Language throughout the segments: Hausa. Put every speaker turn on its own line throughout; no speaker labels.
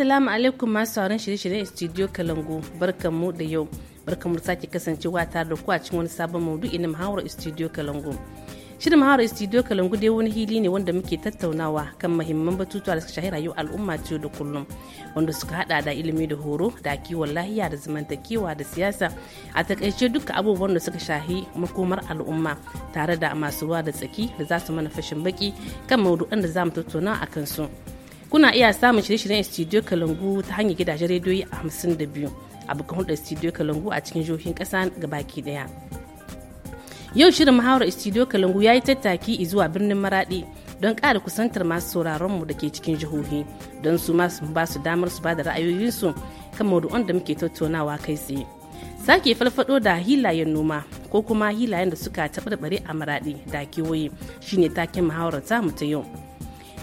Assalamu alaikum masu sauran shirye-shiryen Studio Kalangu barkanmu da yau. Barkanmu da sake kasancewa tare da ku a cikin wani sabon maudu'i na muhawarar Studio Kalangu. Shirin muhawarar Studio Kalangu dai wani hili ne wanda muke tattaunawa kan mahimman batutuwa da suka shahi rayuwar al'umma ce da kullum wanda suka hada da ilimi da horo da kiwon lahiya da zamantakewa da siyasa a takaice duka abubuwan da suka shahi makomar al'umma tare da masu ruwa da tsaki da za su mana fashin baki kan maudu'an da za mu tattauna a kansu. su. kuna iya samun shirye-shiryen studio kalangu ta hanyar gidajen rediyoyi a hamsin da biyu a bukan hulɗar studio kalangu a cikin jihohin ƙasa gabaki ɗaya yau shirin muhawarar studio kalangu ya yi tattaki zuwa birnin maraɗi don ƙara kusantar masu sauraron mu da ke cikin jihohi don su masu ba su damar su ba da ra'ayoyinsu kan maudu'an da muke tattaunawa kai tsaye sake falfado da hilayen noma ko kuma hilayen da suka taɓarɓare a maraɗi da kewaye shine taken muhawarar mu ta yau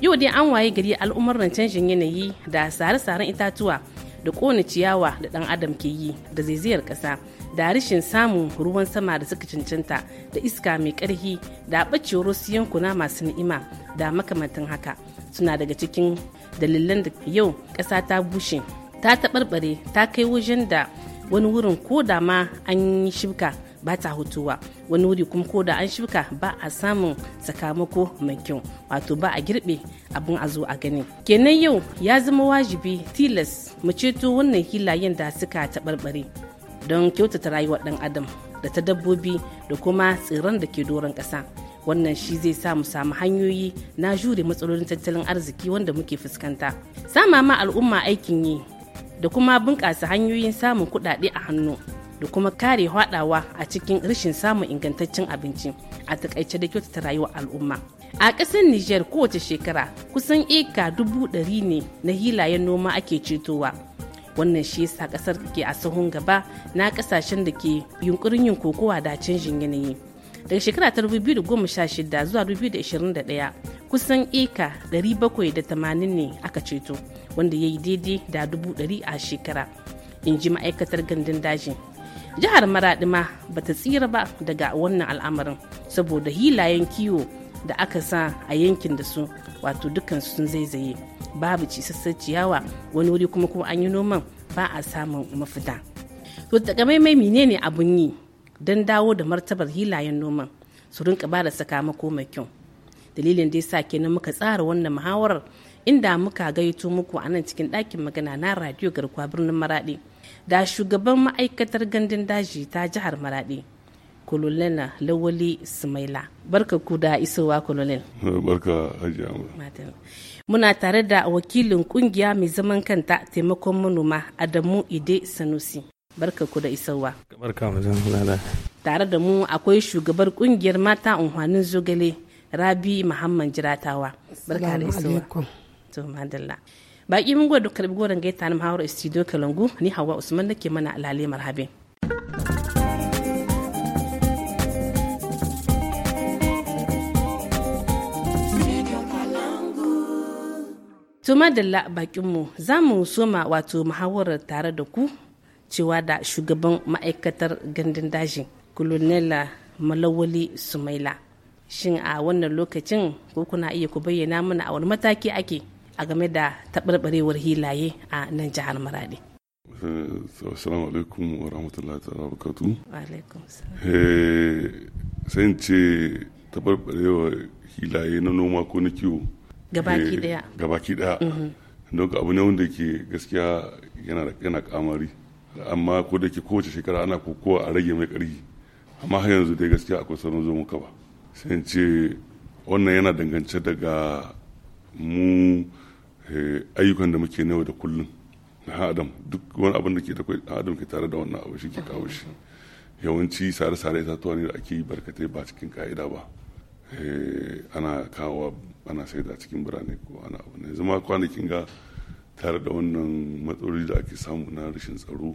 yau dai an waye gari al'ummar canjin yanayi da sare-saren itatuwa da kona ciyawa da dan adam ke yi da zaizayar kasa da rashin samun ruwan sama da suka cancanta da iska mai karhi da bacewar wasu yankuna masu ni'ima da makamantan haka suna daga cikin dalilan da yau kasa ta bushe ta taɓarɓare ta kai wajen da wani wurin ko da ma an yi shibka ba ta hutuwa wani wuri kuma ko da an shuka ba a samun sakamako mai kyau wato ba a girbe abin a zo a gani kenan yau ya zama wajibi tilas mu ceto wannan hilayen da suka taɓarɓare don kyautata rayuwar ɗan adam da ta dabbobi da kuma tsiran da ke doron ƙasa wannan shi zai sa mu samu hanyoyi na jure matsalolin tattalin arziki wanda muke fuskanta sama ma al'umma aikin yi da kuma bunƙasa hanyoyin samun kuɗaɗe a hannu da kuma kare haɗawa a cikin rashin samun ingantaccen abinci a takaice da kyautata rayuwar al'umma a ƙasar niger kowace shekara kusan eka dubu ɗari ne na hilayen noma ake cetowa wannan shi yasa ƙasar ke a sahun gaba na ƙasashen da ke yunkurin yin kokowa da canjin yanayi daga shekara ta 2016 zuwa 2021 kusan eka 780 ne aka ceto wanda ya yi daidai da ɗari a shekara in ji ma'aikatar gandun dajin jihar maradima ba ta tsira ba daga wannan al'amarin saboda hilayen kiwo da aka sa a yankin da su wato dukkan sun zaizaye babu cisassar ciyawa wani wuri kuma kuma an yi noman ba a samun mafita to takamaimai menene abun yi don dawo da martabar hilayen noman su rinka ba da sakamako mai kyau dalilin da sa kenan muka tsara wannan muhawarar inda muka gaito muku a nan cikin ɗakin magana na radio garkuwa birnin maraɗi da shugaban ma'aikatar gandun daji ta jihar maradi kololena lawali sumaila barka ku da isowa kololin
eh, barka
muna tare da wakilin kungiya mai zaman kanta taimakon manoma adamu ide sanusi barka ku da isowa tare da mu akwai shugabar kungiyar mata unhwanin zogale rabi muhammad jiratawa barka da isowa baki mun gwada kalbi goran gaita na mahawar studio kalangu ni hawa usman nake mana habe. marhabin To madalla bakinmu za mu soma wato muhawarar tare da ku cewa da shugaban ma'aikatar gandun daji Colonel Malawali Sumaila. Shin a wannan lokacin ko kuna iya ku bayyana mana a wani mataki ake a game da taɓarɓarewar hilaye a nan jihar maradi
eh, assalamu alaikum wa rahmatullahi ta'ala barkatu alaikum eh, sai ce taɓarɓarewar hilaye na noma ko na kiwo gabaki eh, gabaki daya mm-hmm. don abu ne wanda ke gaskiya yana kamari amma ko da ke kowace shekara ana kokowa a rage mai ƙarfi amma har yanzu dai gaskiya akwai sauran zo muka ba sai ce wannan yana dangance daga mu Eh, ayyukan da muke nawa da kullum na adam duk wani abin da ke da kwai adam ke tare da wannan abu shi ke kawo shi yawanci sare-sare tuwa ne da ake yi barkatai ba cikin ka'ida ba eh, ana kawo ana sai da cikin birane ko ana abu ne zama kwanakin ga tare da wannan matsaloli da ake samu na rashin tsaro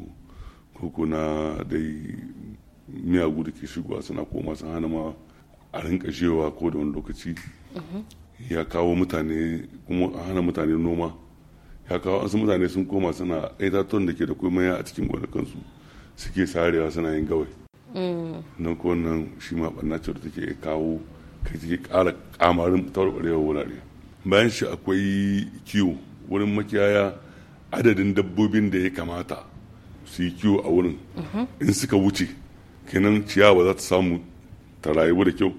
ko ko na dai miyagu da ke shigowa suna koma sun hana ma a rinka ko da wani lokaci
mm-hmm.
ya kawo mutane kuma hana mutane noma ya kawo an mutane sun koma suna ton da ke da komai a cikin gonakansu suke sarewa suna yin gawai mm. nan ko nan shi ma ɓanna da take kawo kai take ƙara ƙamarin taurɓarewar wurare bayan shi akwai kiwo wurin makiyaya adadin dabbobin da ya kamata su yi kiwo a wurin mm-hmm. in suka wuce kenan ciyawa za ta samu ta rayu da kyau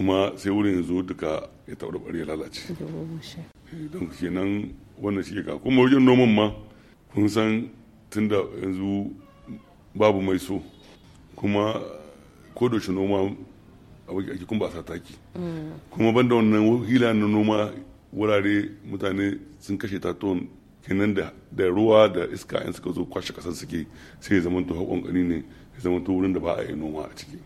kuma sai wurin yanzu duka ya taɓarɓare ya lalace eh, don kenan wannan shi ka kuma wajen noman ma kun san tunda yanzu babu mai so kuma ko noma a ake kun ba sa taki mm. kuma banda wannan hila na noma wurare mutane sun kashe ta ton kenan da ruwa da iska in suka zo kwashe kasan suke sai ya zama to haƙon ne ya zama wurin da ba a yi noma a ciki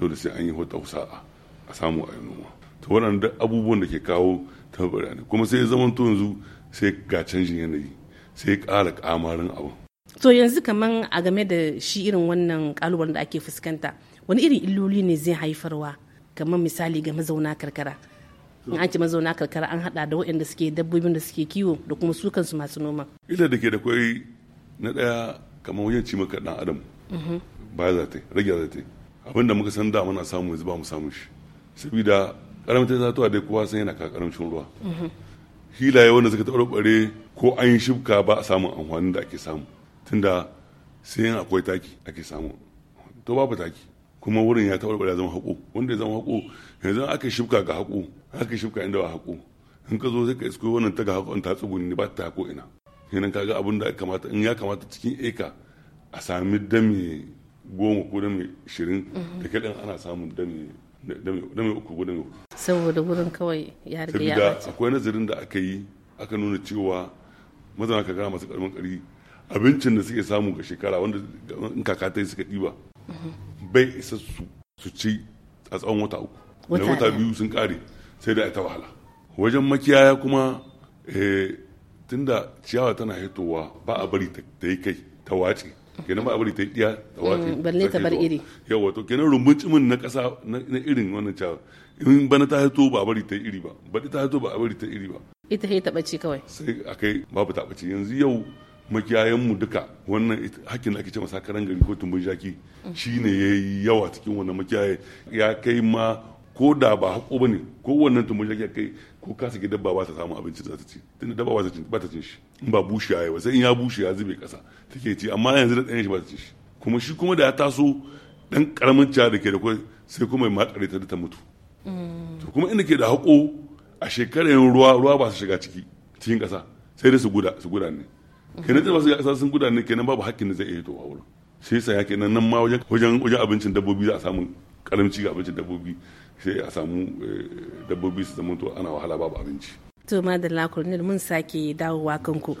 dole sai an yi hota sa'a a samu a yi noma to waɗanda abubuwan da ke kawo tabbara ne kuma sai zaman to yanzu sai ga canjin yanayi sai ƙara ƙamarin abu
to yanzu kaman a game da shi irin wannan kalubalen da ake fuskanta wani irin illoli ne zai haifarwa kamar misali ga mazauna karkara in an ce mazauna karkara an hada da waɗanda suke dabbobin da suke kiwo da kuma su kansu masu noma
illa da ke da kwai na ɗaya kamar wajen ci maka ɗan adam mhm. ba za ta rage za ta abinda muka san da muna samu yanzu ba mu samu shi saboda ta itatuwa dai kowa san yana karamcin ruwa hilaye wanda suka ɓare ko an yi shibka ba a samun amfanin da ake samu tunda sai yin akwai taki ake samu to babu taki kuma wurin ya taɓa ɓare zama haƙo wanda ya zama haƙo yanzu aka shibka ga haƙo aka shibka inda ba haƙo in ka zo sai ka isko wannan ta ga haƙon ta tsubu ne ba ta haƙo ina kenan ka ga abin da kamata in ya kamata cikin eka a sami dami goma ko dami ashirin da kaɗan ana samun dami da mai uku gudun uku
saboda wurin kawai ya riga ya bace
akwai nazarin da aka yi aka nuna cewa mazauna kakara masu karamin kari abincin da suke samu ga shekara wanda in kaka ta yi suka ɗiba bai isa su ci a tsawon wata uku da wata biyu sun kare sai da ta wahala wajen makiyaya kuma eh, tunda ciyawa tana hitowa ba a bari ta yi kai ta wace kenan ba a bari ta diya ta wace mm, balle ta bar iri yau to kenan rumbun cimin na kasa na irin wannan cawa in bana ta haito ba a bari ta iri ba baɗi ta haito ba a bari ta iri ba
ita ta taɓaci kawai sai
a kai babu ta yanzu yau makiyayenmu duka wannan hakkin da ake ce masa karan gari ko tumbun jaki mm. shine ya yi yawa cikin wannan makiyaye ya kai ma ko da ba haƙo ba ne ko wannan tumun ya kai ko ka sake dabba ba ta samu abinci za ta ci tunda dabba ba ta cin shi in ba bushe ya yi sai in ya bushe ya zube ƙasa take ci amma yanzu da ɗanyen shi ba ta cin shi kuma shi kuma da ya taso ɗan ƙaramin ciya da ke da kwai sai kuma ya makare ta da ta mutu to kuma inda ke da haƙo a shekarar ruwa ruwa ba su shiga ciki cikin ƙasa sai dai su guda su guda ne kenan da ba su ga ƙasa sun guda ne kenan babu hakkin da zai iya a wurin sai sa ya kenan nan ma wajen wajen abincin dabbobi za a samu karamci ga abincin dabbobi sai a samu eh, dabbobi su zama ana wahala babu abinci
to madalla colonel mun sake dawowa kanku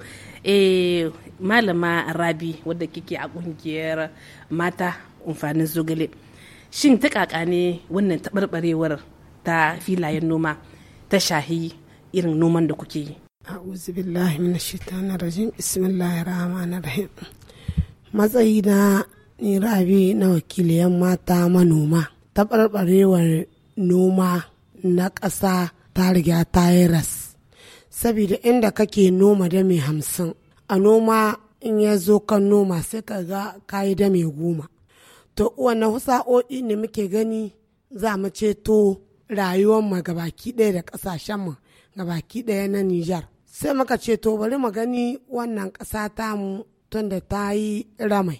eh malama rabi wadda kike a kungiyar mata amfanin zogale shin ta kaka ne wannan tabarbarewar ta filayen noma ta shahi irin noman da kuke yi
a'udhu billahi minash shaitanir rajim bismillahir rahmanir rahim matsayi na ni rabi na wakiliyan mata manoma Tabarbarewar noma na ƙasa ta riga ta yi ras saboda inda kake noma da mai hamsin a noma in ya zo kan noma sai ka ga kayi da mai goma to wannan husa'o'i ne muke gani za mu ceto rayuwar gabaki ɗaya da ƙasashen mu ga baki ɗaya na nijar sai muka ceto bari mu gani wannan ƙasa ta tun da ta yi ramai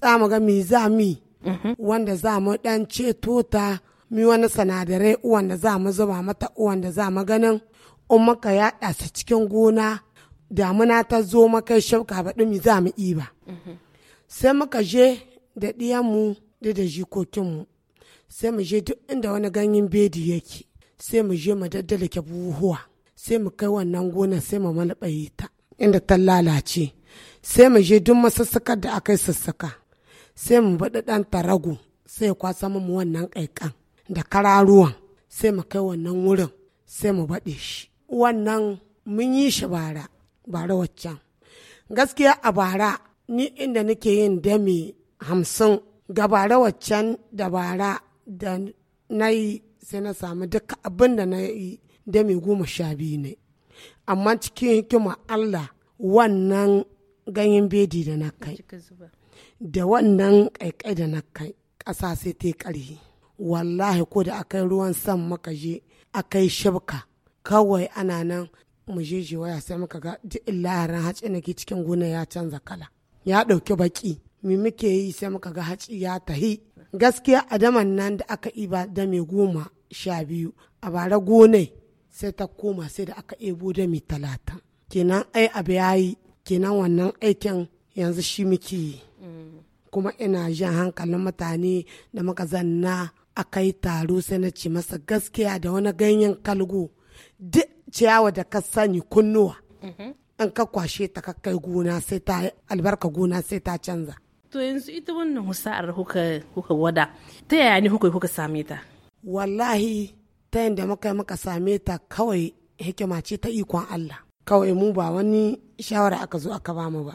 za mu ga mi za mi mhm. wanda za mu ɗan ceto ta mi wani sinadarai uwan da za mu zuba mata uwan da za mu ganin in maka yaɗa su cikin gona damuna ta zo maka shauka ba mi za mu ba. sai muka je da ɗiyanmu da da jikokinmu sai mu je duk inda wani ganyen bedi yake sai mu je mu daddala ke buhuwa sai mu kai wannan gona sai mu yi ta inda ta lalace sai mu je duk masussukar da aka yi sussuka sai mu baɗi ɗan tarago sai kwasa mu wannan ƙaiƙan da kararuwan sai mu kai wannan wurin sai mu baɗe shi wannan mun yi shi bara bara waccan gaskiya a bara ni inda nake yin dami hamsin ga bara waccan da bara da na yi sai na samu duka abin da na yi dami goma sha biyu ne amma cikin hikima allah wannan ganyen bedi da na kai da wannan kai da na kai ƙasa sai ta yi wallahi ko da akai ruwan san maka je akai shabka kawai ana nan mu je waya sai muka ga duk illaharin hatsi na ke cikin gona ya canza kala ya ɗauki baki mi muke yi sai muka ga haci ya tahi gaskiya adaman nan da aka ba da mai goma sha biyu a bara gonai sai ta koma sai da aka ebo da mai talatin kenan ai abu ya yi kenan wannan aikin yanzu shi muke yi mm. kuma ina jan hankalin mutane da muka zanna a kai taro sai na ce masa gaskiya da wani ganyen kalgo duk ciyawa da ka sani kunnuwa
an mhm. ka
kwashe ta ka kai gona sai ta albarka gona sai ta
canza to yanzu ita wannan husa'ar huka kuka wada ta yaya ne huka huka same ta wallahi ta yadda muka muka same ta kawai hikima ce ta ikon
Allah kawai mu ba wani shawara aka zo aka ba mu ba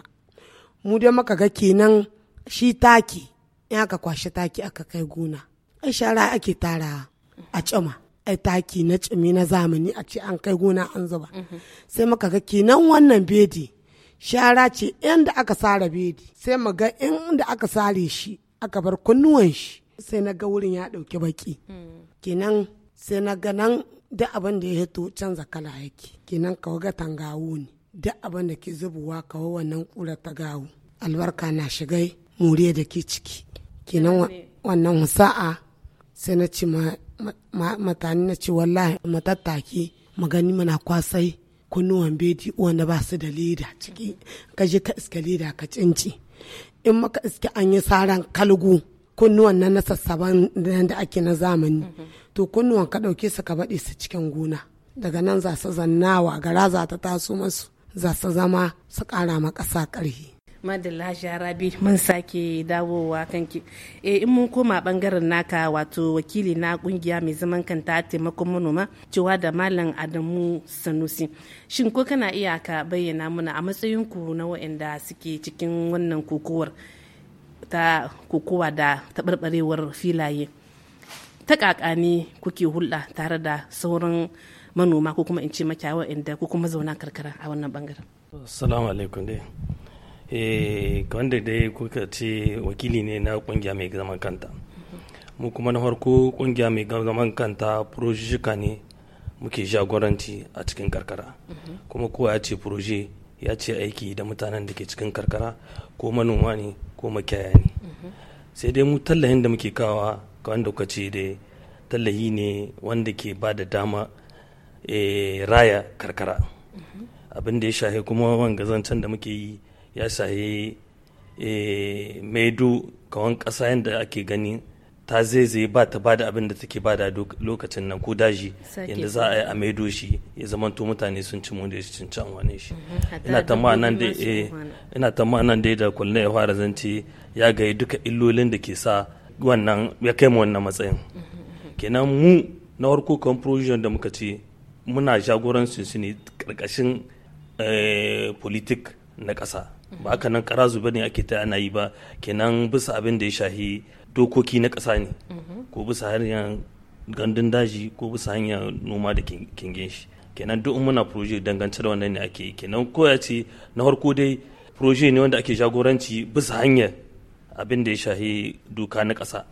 mu dai muka ga kenan shi taki in aka kwashe taki aka kai gona ai shara ake tara a cima ai taki na cimi na zamani a ce an kai gona an zuba sai muka ga kinan wannan bedi shara ce inda aka sare bedi sai mu ga inda aka sare shi aka bar kunnuwan shi sai na ga wurin ya dauki baki kenan sai na ga nan duk abin da ya hito canza kala yake kenan kawo ga tangawo ne duk abin da ke zubuwa kawo wannan kura ta gawo albarka na shigai muriya da ke ciki kenan wannan husa'a sai na ci matani na ci wallahi matattaki magani mana kwasai kunnuwan bedi wanda ba su da leda ciki ka je ka iska leda ka cinci in maka iske an yi saran kalgu kunnuwan nan na sassaban da ake na zamani to kunnuwan ka dauke su ka baɗe su cikin gona daga nan za su zannawa gara za ta taso masu za su zama su ƙara ma ƙasa ƙarfi
madalla rabi mun sake dawowa kanki eh in mun koma bangaren naka wato wakili na kungiya mai zaman kanta taimakon manoma cewa da malam adamu sanusi shin ko kana iya ka bayyana muna a matsayin ku na waanda suke cikin wannan kokowar ta kokowa da taɓarɓarewar filaye ta ne kuke hulɗa tare da sauran manoma ko kuma in ce makyawa inda ko kuma zauna karkara a wannan bangaren.
Assalamu alaikum dai. eh da dai kuka ce wakili ne na kungiya mai zaman kanta mu kuma na farko kungiya mai zaman kanta projika ne muke jagoranci a cikin karkara kuma kowa ya ce proje ya ce aiki da mutanen da ke cikin karkara ko manoma ne ko makiyaya ne sai dai mu tallahin da muke kawa ga wanda kuka ce dai tallahi ne wanda ke ba da dama eh, raya karkara abin da ya shahe kuma wanga zancen da muke yi ya sayi eh, maido kawan ƙasa yadda ake gani ta zaizaye ba ta bada abin da take bada lokacin nan ko daji yadda za a yi a maido shi ya zama zamanto mutane sun ci mu da shi cin can wane shi
mhm, ina eh,
ma nan dai da kullum ya fara zance ya gayi duka illolin da ke sa wannan ya kai mu wannan matsayin mhm, mhm, kenan mu na harko kan provision da muka ce muna jagorancin su ne karkashin eh, politik na ƙasa ba aka nan karazu ba ne ake ta ana yi ba kenan bisa abin da ya shahi dokoki na ƙasa ne ko bisa hanyar gandun daji ko bisa hanyar noma da kingin shi kenan duk muna proje dangance da wannan ne ake kenan ko ce na farko dai proje ne wanda ake jagoranci bisa hanyar abin da ya shahi doka na ƙasa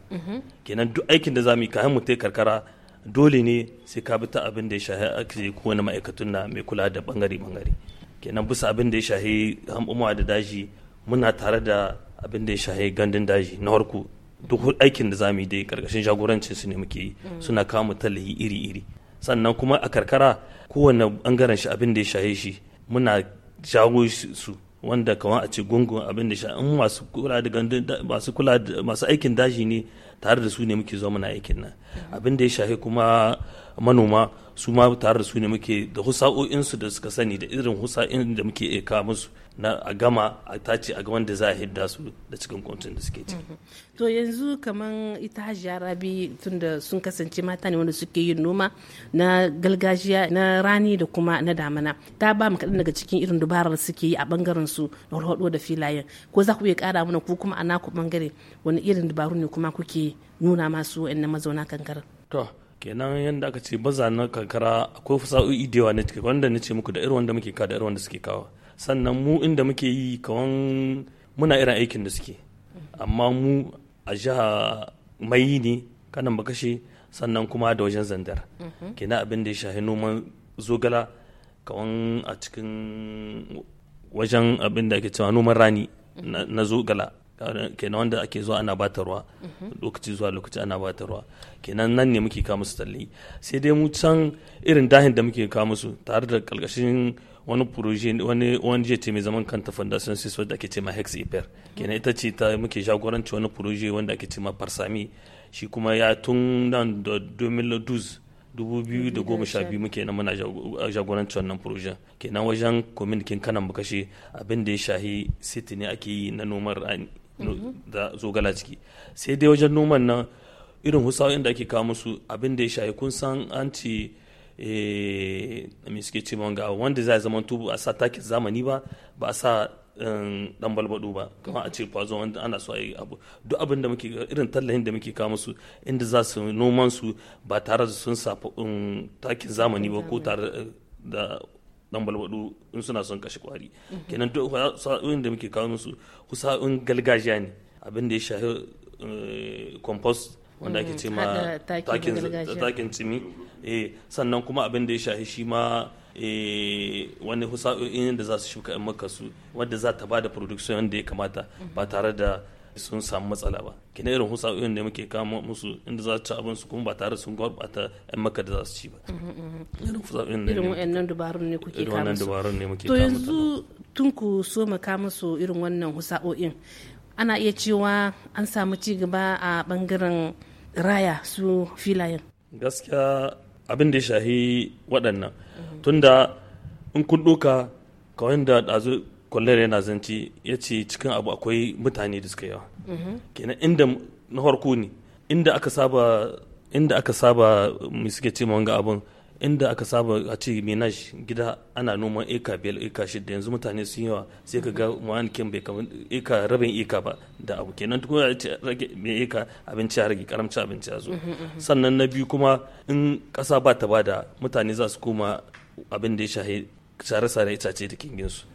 kenan duk aikin da za mu yi kayan mu ta karkara dole ne sai ka bi ta abin da ya shahi ake kowane ma'aikatun na mai kula da bangare-bangare kenan bisa abin da ya shahi hamɓumawa da daji muna tare da abin da ya shahi gandun daji na harku duk aikin da zamu yi dai karkashin jagorancin su ne muke yi mm. suna kawo mu tallahi iri-iri sannan kuma a karkara kowane bangaren shi abin da ya shahe shi muna jago su wanda kamar a ce gungun abin da shahe in masu kula da gandun masu kula masu aikin daji ne tare da su ne muke zo muna aikin nan mm. abin da ya shahe kuma manoma su ma tare da su ne muke da husa'o'insu da suka sani da irin husa'in da muke aika musu na a gama a tace a gaban da za a hidda su da cikin kwancin da suke ciki. Mhm.
To yanzu kamar ita hajiya rabi da sun kasance mata ne wanda suke yin noma na gargajiya na rani da kuma na damana ta ba mu kaɗan daga cikin irin dubarar suke yi a bangaren su na hudu da filayen ko za ku iya ƙara mana ko kuma a naku bangare wani irin dabaru ne kuma kuke nuna masu na mazauna kankara
To kenan yadda aka ce baza na kankara akwai fasa'o'i da yawa na cikin wanda na ce muku da irin wanda muke kawo da irin wanda suke kawo sannan mu inda muke yi kawan muna irin aikin da suke amma mu a jiha mai ne kanan kashe sannan kuma da wajen zandar mhm. kenan abin da ya shahi noman zogala kawan a cikin wajen abin da ake cewa noman rani na zogala kenan wanda ake zuwa ana bata ruwa lokaci zuwa lokaci ana bata ruwa kenan nan ne muke kawo musu talle sai dai mu can irin dahin da muke kawo musu tare da kalkashin wani proje wani wani je mai zaman kanta foundation sis wanda ake cewa hex iper kenan ita ce ta muke jagoranci wani proje wanda ake cewa farsami shi kuma ya tun nan da 2012 biyu muke nan muna jagoranci wannan projen kenan wajen komin kanan bukashe abin da ya shahi city ne ake yi na nomar da zogala ciki sai dai wajen noman nan irin husawoyin da ake kawo musu abin da ya shayi kun san an ce eh, me suke ce ga wanda za a zama tubu a sa takin zamani ba ba a sa dan um, balbado ba kama a ce kwazo wanda ana so yi abu duk abin da muke irin tallahin da muke kawo musu inda za su noman su ba tare da sun sa um, takin zamani ba ko tare da dan balbadu in suna son kashe kwari kenan duk sa'o'in da muke kawo musu sa'o'in galgajiya ne abin da ya shafi eh, compost wanda ake mm, ce ma takin tsimi eh, sannan kuma abin da ya shafi shi ma eh, wani husa'o'in da za su shuka in maka su wadda za ta ba da production wanda ya kamata ba tare da sun samu matsala ba kina irin husa'o'in da muke kama musu inda za su ci abin su kuma ba tare sun gurɓata yan maka da za su ci ba
mm, mm, mm.
irin husa'o'in ne irin wannan dubarun ne kuke kama wannan dubarun ne muke kama to yanzu
tun ku so kama su irin wannan husa'o'in ana iya cewa an samu ci gaba a bangaren raya su filayen
gaskiya abin da ya shahi waɗannan tunda in kun ɗoka kawai da ɗazu kwallon yana zanci ya ce cikin abu akwai mutane da suka yawa kenan inda na farko ne inda aka saba inda aka saba mu suke ce ma wanga abun inda aka saba a ce menaj gida ana noman eka biyar eka shida yanzu mutane sun yawa sai ka ga ma'anikin bai kama eka rabin eka ba da abu kenan kuma ya ce rage mai eka abinci ya rage karamci abinci ya zo sannan na biyu kuma in kasa ba ta ba da mutane za su koma abin da ya shahi sare-sare itace da kinginsu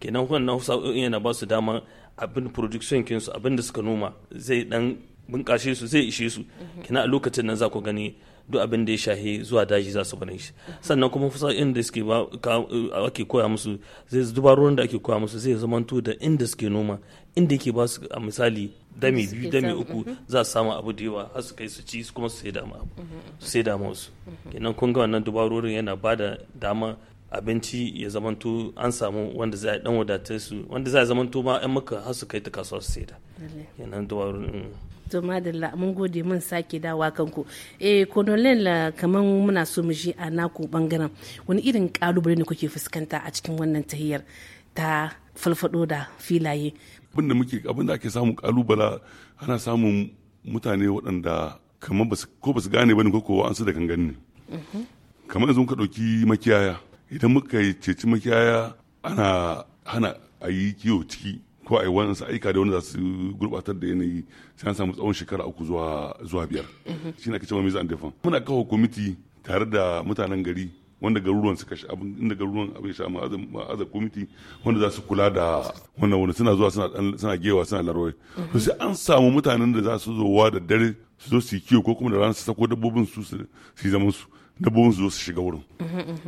kenan wannan sa'o'in yana ba su dama abin production kinsu abin da suka noma zai dan bunkashe su zai ishe su kenan a lokacin nan za ku gani duk abin da ya shahe zuwa daji za su bane shi sannan kuma fasa'in da suke ake koya musu zai dubarorin da ake koya musu zai zamanto da inda suke noma inda yake ba su a misali dami biyu dami uku za su samu abu da yawa har su kai su ci kuma su sai dama su dama wasu kenan kun ga wannan dubarorin yana ba da dama abinci ya zamanto an samu wanda za a dan wadatar su wanda za a zamanto ma yan muka har su kai ta kasuwa su saida yanan dubarun mm.
to madalla mun gode mun sake dawa kanku eh la kaman muna so mu ji a naku bangaren wani irin kalubale ne kuke fuskanta a cikin wannan tahiyar ta falfado da filaye
abin da muke abin da ake samu kalubala ana samun mutane waɗanda kamar ko ba su gane bane ko ko an su da kan gani mhm. kamar yanzu ka ɗauki makiyaya idan muka yi ceci makiyaya ana hana a yi kiwo ciki ko a yi wani aika da wani za su gurbatar da yanayi sai an samu tsawon shekara uku zuwa zuwa biyar mhm. shi ne ake cewa mizan defan muna kawo kwamiti tare da mutanen gari wanda garuruwan suka sha abin inda garuruwan abin sha ma'azar kwamiti wanda za su kula da wannan wani suna zuwa suna gewa suna larwai mhm. to sai an samu mutanen da za su zo wa da dare su zo su yi kiwo ko kuma da rana su sako dabbobin su su yi zaman su na su zo su shiga wurin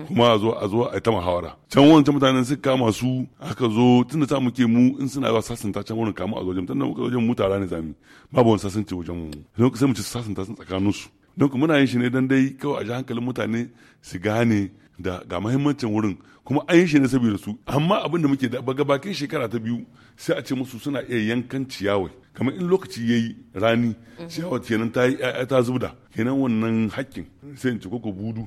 kuma a zo a zo a ta mahawara. can wancan mutanen suka kama su aka zo tun da ta muke mu in suna zuwa sasanta can wurin kama a zo wajen tun da muka wajen mu tara ne zami babu wani sasanci wajen mu don sai mu ci sasanta sun tsakanin su don muna yin shi ne dan dai kawai a ji hankalin mutane su gane da ga mahimmancin wurin kuma an yi shi ne saboda su amma abin da muke da bakin shekara ta biyu sai a ce musu suna iya yankan ciyawai kamar in lokaci ya yi rani ciyawa kenan ta yi ta zubda kenan wannan hakkin sai in ci koko budu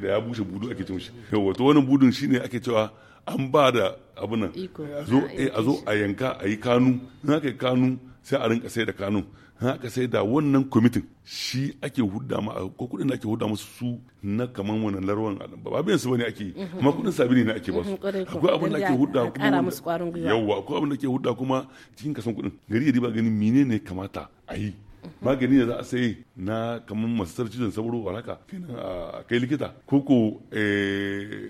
da ya bushe budu ake cin shi yawa to wannan budun shine ake cewa an ba da abu eh, a zo a yanka a yi kanu in aka yi kanu sai a rinka sai da kanun haka sai da wannan kwamitin shi ake hudda ma ko kudin da ake hudda musu su na kaman wannan larwan ba biyan su bane ake mhm. kuma kudin sabini ne ake ba su mhm, akwai abin da ake hudda kuma ƙara musu kwarin gwiwa yawa akwai abin da ake hudda kuma cikin kasan kudin gari ya ba gani menene kamata a yi mhm. magani da za a sai na kaman masasar cizon sauro a raka a kai likita ko ko eh,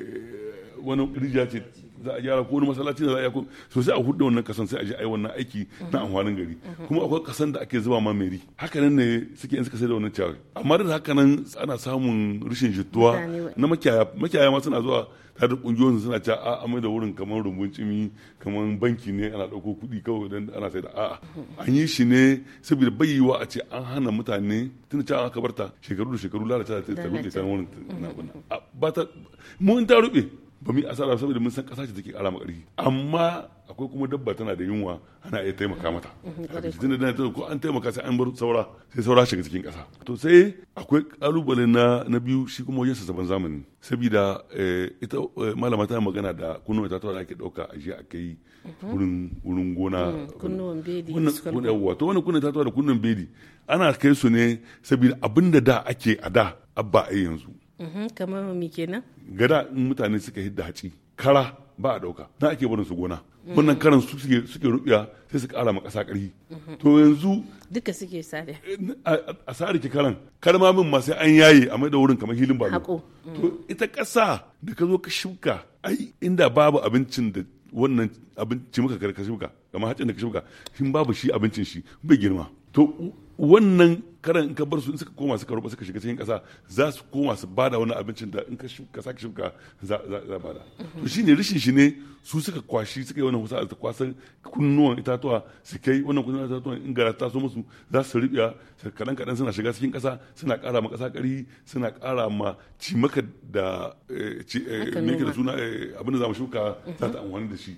wani rijiya ce za a gyara ko wani masallaci da za a yi so sai a hudu wannan kasan sai a je a yi wannan aiki na amfanin gari kuma akwai kasan da ake zuba ma meri haka nan ne suke in suka sai da wannan cewa amma da haka nan ana samun rashin jituwa na makiyaya makiyaya ma suna zuwa tare da kungiyoyin suna cewa a amai da wurin kamar rumbun cimi kamar banki ne ana dauko kuɗi kawai dan ana sai da a'a an yi shi ne saboda bayyiwa a ce an hana mutane tun cewa aka barta shekaru da shekaru lalata ta rufe ta wurin mm-hmm. na ba ta mun ta rufe ba mu yi asara saboda mun san kasa ce take ƙara ƙarfi amma akwai kuma dabba tana da yunwa ana iya taimaka mata mhm, tun da dana ko an taimaka sai an bar saura sai saura shiga cikin ƙasa to sai akwai ƙalubale na na biyu shi kuma wajen sassaban zamani saboda eh, ita eh, malama ta magana da kunnuwa ta da ake ɗauka a shi a kai
mhm. wurin
wurin gona mm, kunnuwan
bedi wato
wani wannan kunnuwa ta da kunnuwan bedi ana kai su ne saboda abinda da ake a da abba a yanzu
Mm-hmm. kamar mi kenan
gada in mutane suka hidda haci kara ba a dauka na ake barin su gona wannan karan su suke rubiya sai su kara ma kasa karfi mm-hmm. to yanzu
duka suke sare
a sare ki karan karma min ma sai an yaye a mai da wurin kamar hilin Hako. Mm. to ita kasa da ka zo ka shuka ai inda babu abincin da wannan abinci muka karkashin ka kamar hacin da ka shuka shin babu shi abincin shi bai girma to wannan karan in ka bar su in suka koma suka rubuta suka shiga cikin kasa za su koma su bada wani abincin da in ka shuka saki shuka za za bada mhm. to shine rishin shi ne su suka kwashi suka yi wannan wasa da kwasan kunnuwan itatuwa su kai wannan kunnuwan itatuwa in gara ta so musu za su rubiya kadan kadan suna shiga cikin kasa suna kara ma kasa kari suna kara ma cimaka da eh, eh, me da suna eh, abin da za mu shuka za ta amfani da shi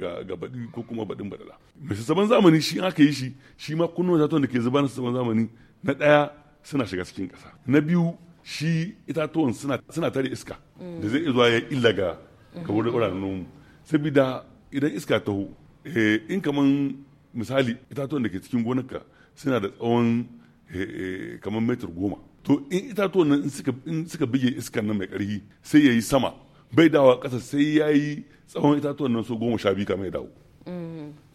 ga baɗi ko kuma baɗin baɗala mai sassaban zamani shi aka yi shi shi ma kunnuwa itatuwan da ke zuba na sassaban zamani na ɗaya suna shiga cikin ƙasa na biyu shi itatuwan suna tare iska da zai zuwa ya illa ga ga wurin wuraren nomu Sabida idan iska taho eh, in kaman misali itatuwan da ke cikin gonarka suna da tsawon eh, eh, kamar metar goma to in itatuwan nan in suka bige iskan nan mai ƙarfi sai ya yi sama bai dawa ƙasa sai ya yi tsawon itatuwan nan so goma sha biyu kamar ya dawo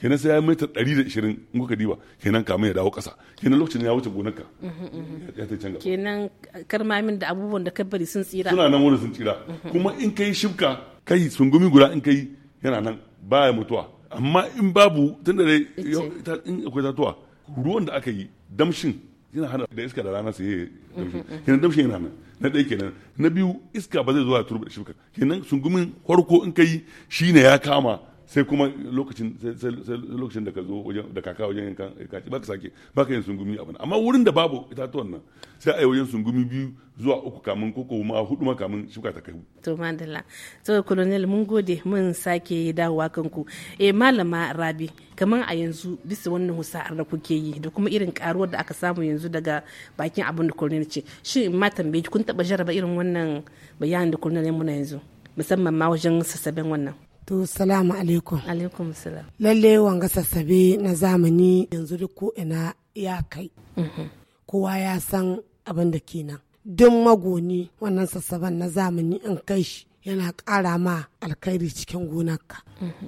kenan sai ya ta ɗari da ishirin in kuka diba kenan kamar ya dawo ƙasa kenan lokacin ya wuce gonarka ya ta can gaba
kenan karmamin da abubuwan da bari sun tsira suna nan wurin sun tsira kuma
in ka yi shibka kai sungumi guda in ka yi yana nan baya mutuwa amma in babu tun da dai in akwai tatuwa ruwan da aka yi damshin yana hana da iska da rana sai ya damshin mm-hmm, mm-hmm. kenan damshin yana nan na ɗaya kenan na biyu iska ba zai zo a turbe da shi kenan sungumin farko in kai shine ya kama sai kuma lokacin sai lokacin da ka zo wajen da kaka wajen yankan kaci baka sake baka yin sungumi abin amma wurin da babu itatuwan nan sai a yi wajen sungumi biyu zuwa uku kamun koko ma hudu ma kamun shuka ta kai
to madalla to colonel mun gode mun sake dawowa kanku eh malama rabi kamar a yanzu bisa wannan husa'ar da kuke yi da kuma irin karuwar da aka samu yanzu daga bakin abin da colonel ce shi ma tambaye kun taba jaraba irin wannan bayanin da colonel ya muna yanzu musamman ma wajen sassaben wannan
To salamu alaikum. Alaikum salam. Lalle wanga sassabe na zamani yanzu duk ko ina ya kai. Mhm. Kowa ya san abin da kenan. Duk magoni wannan sassaban na zamani in kai shi yana ƙara ma alkhairi cikin gonarka. Mhm.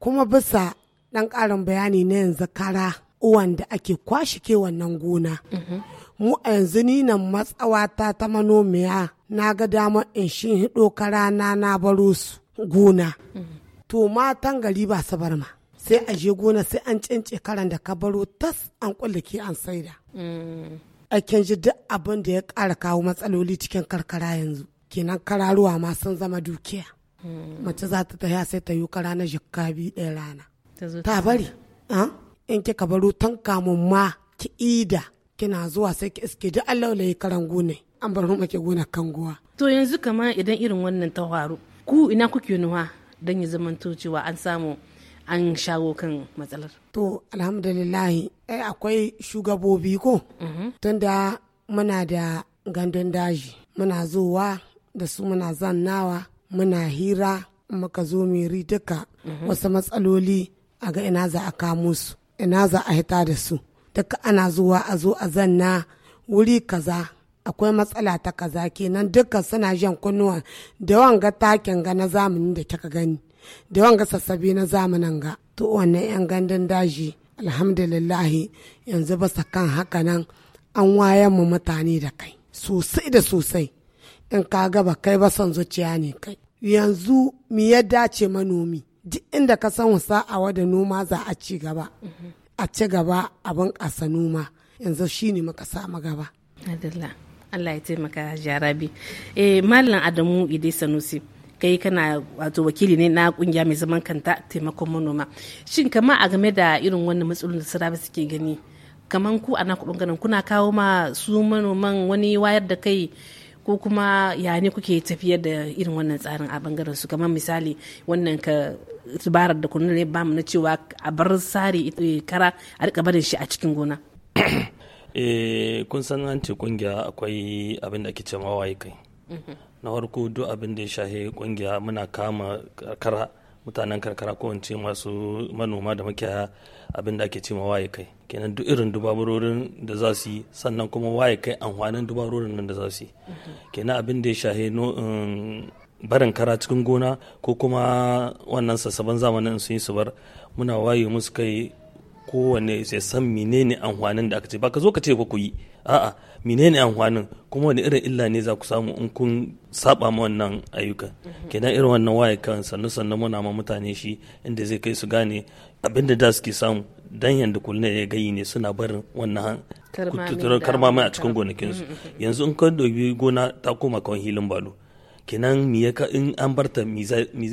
Kuma bisa ɗan ƙarin bayani na yanzu kara uwan da ake kwashike wannan gona. Mhm. Mu a yanzu ni nan matsawata ta manomiya na ga dama in shi hido kara na na baro su. gona mm-hmm. to matan gari ba su bar ma sai a je gona sai an cince karan da ka baro tas an kullake an saida mm-hmm. akan ji duk abin da ya ƙara kawo matsaloli cikin karkara yanzu kenan kararuwa ma sun zama dukiya mm-hmm. mace za ta tafiya sai ta yi kara na jikka biyu ɗaya rana ta bari in kika baro tan kamun ma ki ida kina zuwa sai ki iske duk allah karan gona an bar maki gona kan
to yanzu kamar idan irin wannan ta faru ku ina kuke nuwa don ya zaman cewa an samu an shawo kan matsalar to
alhamdulillahi eh, akwai shugabobi ko mhm. tunda muna da gandun daji muna zowa da su muna zannawa muna hira muka zo meri duka mhm. wasu matsaloli a ga ina za a kamo su ina za a hita da su duka ana zuwa a zo a zanna wuri kaza akwai matsala ta kaza kenan dukkan suna jan kunnuwa da wanga takin ga na zamanin da kika gani da wanga sassabe na zamanin ga to wannan yan gandun daji alhamdulillahi yanzu ba kan haka nan an wayan mu mutane da kai sosai da sosai in ka gaba kai ba son zuciya ne kai yanzu mi ya dace manomi duk inda ka san a da noma za a ci gaba a ci gaba abin ƙasa noma yanzu shine muka samu gaba
Allah ya taimaka jarabi eh malam Adamu Ide Sanusi kai kana wato wakili ne na kungiya mai zaman kanta taimakon manoma shin kama a game da irin wannan matsalolin da sarabi suke gani kaman ku ana kudin ganin kuna kawo ma su manoman wani wayar da kai ko kuma ya ne kuke tafiyar da irin wannan tsarin a bangaren su kamar misali wannan ka tubarar da kunu ne bamu na cewa a bar sare eh, kara a rika barin shi a cikin gona
eh kun san an ce kungiya akwai abin da ake cewa waye kai mhm. na farko duk abin da ya shahe kungiya muna kama karkara mutanen karkara ko wance masu manoma da makiyaya abin da ake ce waye kai kenan duk irin dubarorin da za su yi sannan kuma waye kai amfanin dubarorin nan da za su yi mhm. kenan abin da ya shahe um, barin kara cikin gona ko kuma wannan sassaban zamanin sun yi su bar muna waye musu kai kowane sai san menene amfanin da aka ce ba ka zo ka ce ba ku yi a'a menene amfanin kuma wani irin illa ne za ku samu in kun saba ma wannan ayyuka kenan irin wannan waye kan sannu sannu muna ma mutane shi inda zai kai su gane abinda da suke samu dan yanda kulne ya gayi ne suna barin wannan karmami a cikin gonakinsu mm-hmm. yanzu in ka dobi gona ta koma kawai hilin balo kenan mi ya ka in an barta